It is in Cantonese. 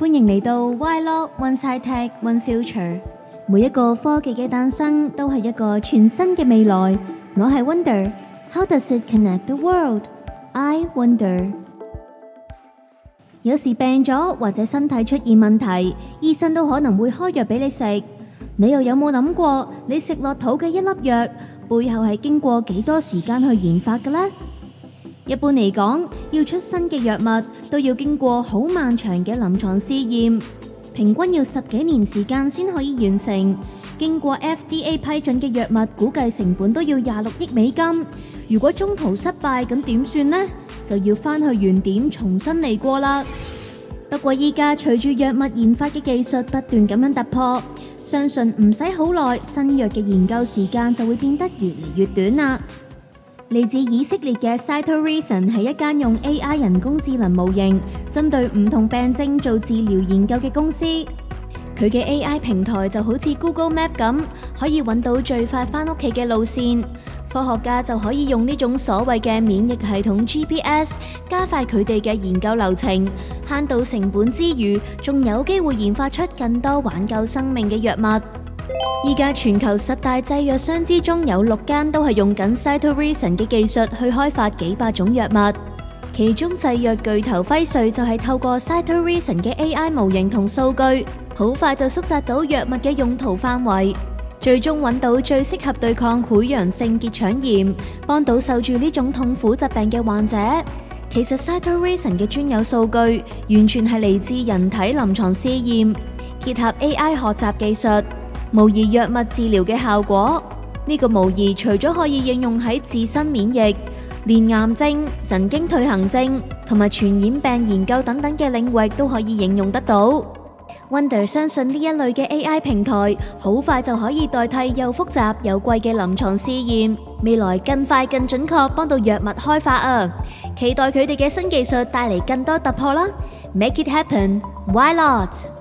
歡迎嚟到 Y Lock One Tech One Future。每一個科技嘅誕生，都係一個全新嘅未來。我係 Wonder。How does it connect the world? I wonder。有時病咗或者身體出現問題，醫生都可能會開藥俾你食。你又有冇諗過，你食落肚嘅一粒藥，背後係經過幾多時間去研發嘅呢？一般嚟講，要出新嘅藥物都要經過好漫長嘅臨床試驗，平均要十幾年時間先可以完成。經過 FDA 批准嘅藥物，估計成本都要廿六億美金。如果中途失敗，咁點算呢？就要返去原點重新嚟過啦。不過依家隨住藥物研發嘅技術不斷咁樣突破，相信唔使好耐，新藥嘅研究時間就會變得越嚟越短啦。嚟自以色列嘅 CytoReason 係一間用 AI 人工智能模型針對唔同病症做治療研究嘅公司。佢嘅 AI 平台就好似 Google Map 咁，可以揾到最快返屋企嘅路線。科學家就可以用呢種所謂嘅免疫系統 GPS，加快佢哋嘅研究流程，慳到成本之餘，仲有機會研發出更多挽救生命嘅藥物。依家全球十大製藥商之中，有六間都係用緊 CytoReason 嘅技術去開發幾百種藥物。其中製藥巨頭輝瑞就係透過 CytoReason 嘅 AI 模型同數據，好快就縮窄到藥物嘅用途範圍，最終揾到最適合對抗潰瘍性結腸炎，幫到受住呢種痛苦疾病嘅患者。其實 CytoReason 嘅專有數據完全係嚟自人體臨床試驗，結合 AI 學習技術。模擬藥物治療嘅效果，呢個模擬除咗可以應用喺自身免疫，連癌症、神經退行症、同埋傳染病研究等等嘅領域都可以應用得到。Wonder 相信呢一類嘅 AI 平台，好快就可以代替又複雜又貴嘅臨床試驗，未來更快更準確幫到藥物開發啊！期待佢哋嘅新技術帶嚟更多突破啦！Make it happen, Why not?